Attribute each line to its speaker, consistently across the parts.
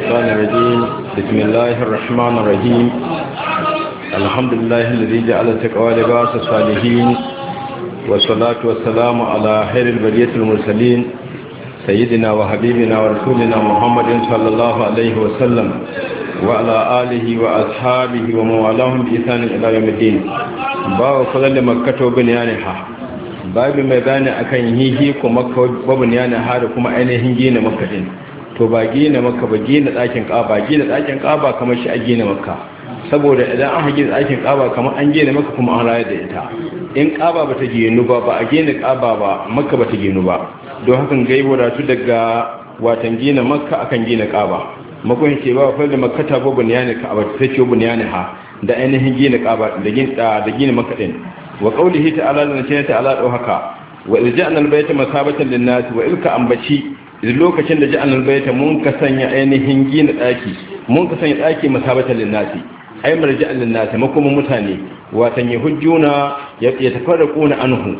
Speaker 1: الشيطان الرجيم بسم الله الرحمن الرحيم الحمد لله الذي جعل التقوى لباس الصالحين والصلاة والسلام على خير البرية المرسلين سيدنا وحبيبنا ورسولنا محمد صلى الله عليه وسلم وعلى آله وأصحابه وموالاهم بإحسان إلى يوم الدين باب فضل مكة وبنيانها babu mai bani akan hihi ko makka babu yana hada kuma ainihin gina makka din to ba gina maka ba gina ɗakin ƙaba gina ɗakin ƙaba kamar shi a gina maka saboda idan an gina ɗakin ƙaba kamar an gina maka kuma an rayar da ita in ƙaba ba ta ginu ba ba a gina ƙaba ba maka ba ta ginu ba don hakan gaibo da tu daga watan gina maka akan gina ƙaba makon ke ba fa da makata ba bunyani ka ba ta ce bunyani ha da ainihin gina ƙaba da gina da gina maka din wa qawlihi ta'ala lana ta'ala do haka wa ilja'na al-bayta masabatan lin-nas wa ilka ambaci idan lokacin da ja'alul baita mun ka sanya ainihin gina daki mun ka sanya daki masabatan linnasi ay marja'an linnasi makoma mutane watan yahujjuna yatafarraquna anhu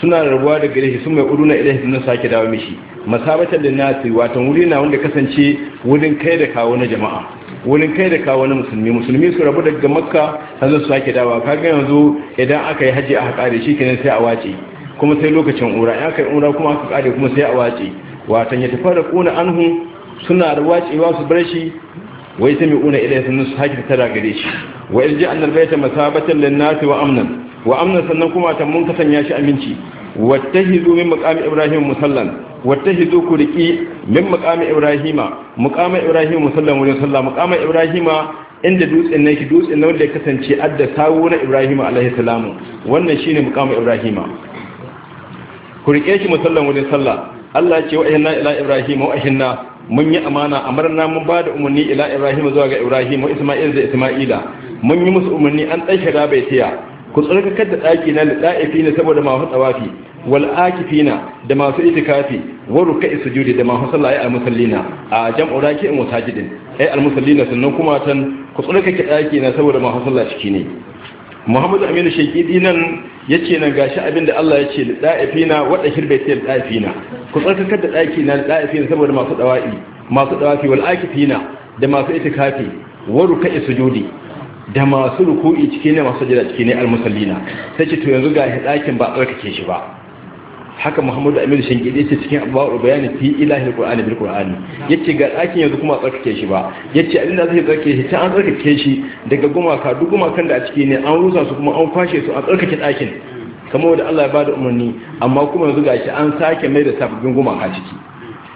Speaker 1: suna rabuwa daga gare shi sun mai uduna idan sun sake dawo mishi masabatan linnasi watan wuri na wanda kasance wurin kai da kawo na jama'a wurin kai da kawo na musulmi musulmi su rabu daga makka har su sake dawo kaga yanzu idan aka yi haji aka kare shi kenan sai a wace kuma sai lokacin ura in aka yi ura kuma aka kare kuma sai a wace watan ya tafi da kuna anhu suna da wacewa su bar shi wai ta kuna ilai sannan su haƙi tara gare shi wa irji annal baita masabatan lin nasi wa amnan wa amnan sannan kuma ta mun kasanya shi aminci wattahizu min maqami ibrahim musallan wattahizu ku riki min maqami ibrahima maqami ibrahim musallan wa sallah maqami ibrahima inda dutsen nan shi dutsen nan wanda ya kasance adda sawo na ibrahima alaihi salamu wannan shine maqami ibrahima ku rike shi musallan wa sallah Allah ya ce wa ahinna ila Ibrahim wa ahinna mun yi amana amarna mun ba da umarni ila Ibrahim zuwa ga Ibrahim wa Isma'il da Isma'ila mun yi musu umarni an tsakira bai baitiya ku tsarkakar da daki na da'ifi ne saboda masu tsawafi wal akifina da masu itikafi wa ruka'i sujudi da masu sallaya al musallina a jam'u raki'in wa sajidin ai al musallina sannan kuma tan ku tsarkake daki na saboda masu sallah ciki ne Muhammadu Aminu Shekidi nan yace nan gashi abinda Allah ya da da'ifina wa hirbe baiti da'ifina ku tsarkakar da daki na da'ifina saboda masu dawa'i masu dawafi wal akifina da masu itikafi wa ruka'i sujudi da masu ruku'i cikin ne masu jira cikin ne al musallina sai ce to yanzu gashi dakin ba tsarkake shi ba haka muhammadu amir ya ce cikin abubuwa bayani fi ilahi alqur'ani bil Ya ce ga ɗakin yanzu kuma tsarkake shi ba yace abin da zai tsarkake shi ta an tsarkake shi daga gumaka duk gumakan da a ciki ne an rusa su kuma an kwashe su an tsarkake ɗakin kamar wanda Allah ya da umarni amma kuma yanzu gashi an sake mai da sababbin gumaka ciki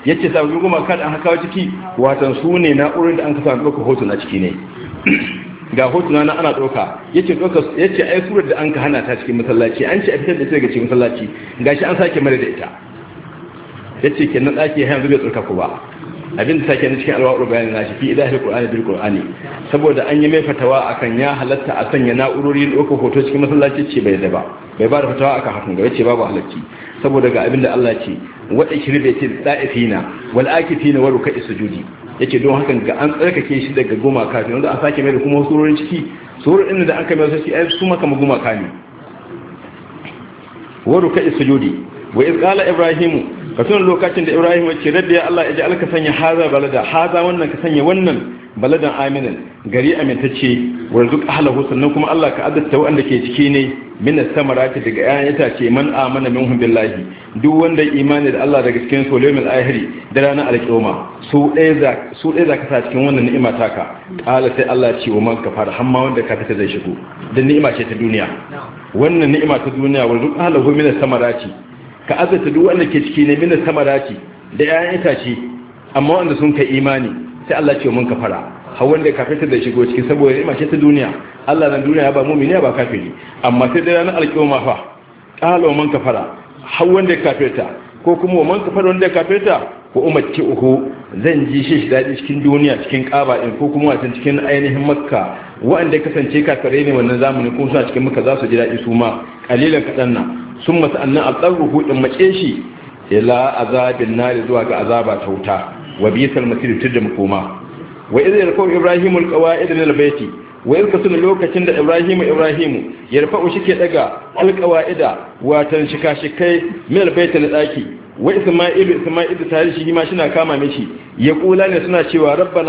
Speaker 1: Ya ce sababbin gumaka da an hakawa ciki watan su ne na'urar da an kasa ɗaukar hoto na ciki ne ga hotuna na ana ɗauka yace ɗauka yace ai surar da an ka hana ta cikin masallaci an ce a fitar da ita daga cikin masallaci gashi an sake mare da ita yace kenan ɗaki ya yanzu bai ku ba abin da sake na cikin alwa'ur bayanin nashi fi idahil qur'ani bil qur'ani saboda an yi mai fatawa akan ya halatta a sanya na'urori ɗauka hoto cikin masallaci ce bai da ba bai ba da fatawa akan hakan ga yace babu halacci saboda ga abin da Allah ce wa ishribe ce da'ifina wal akifina wa ruka'i sujudi yake don hakan ga an tsarkake shi daga gumaka ne wanda an sake mai da kuma surorin ciki surorin inda da an kamar sai ai su maka gumaka ne wa ruka isujudi wa iz qala ibrahim ka tun lokacin da ibrahim ya ce radda ya Allah ya ji alka sanya haza balada haza wannan ka sanya wannan baladan aminin gari amintacce warzuq ahlahu sannan kuma Allah ka addatta wanda ke ciki ne min samarati daga ayan itace man amana minhum billahi duk wanda imani da Allah daga cikin solemil ahiri da ranar alƙiyama su ɗaya za ka sa cikin wannan ni'ima taka ƙala sai Allah ce wa man fara hamma wanda ka fita zai shigo da ni'ima ce ta duniya wannan ni'ima ta duniya wa duk ala hu minas samarati ka azata duk wanda ke ciki ne minas samarati da ƴaƴan itace amma wanda sun kai imani sai Allah ce wa man fara ha wanda ka fita zai shigo cikin saboda ni'ima ce ta duniya Allah nan duniya ba mu'mini ba kafiri amma sai da ranar alƙiyama fa ƙala wa man fara ha wanda ya fita ko kuma wa man fara wanda ya fita wa umarci uku zan ji shi daɗi cikin duniya cikin ƙaba ɗin ko kuma wasan cikin ainihin makka waɗanda kasance kakare ne wannan zamani ko suna cikin makka za su ji daɗi su ma ƙalilan kaɗan na sun masu annan a tsarin in mace shi ila azabin nari zuwa ga azaba ta wuta wa bisal masiri tur da makoma wa idza Ibrahim ibrahimu alqawa'id na albayti wa yarkasu lokacin da ibrahimu ibrahimu shi ke daga alqawa'ida watan shika-shikai min albayti na daki wa isma'il isma'il tare shi ma shi na kama mishi ya kula ne suna cewa rabban.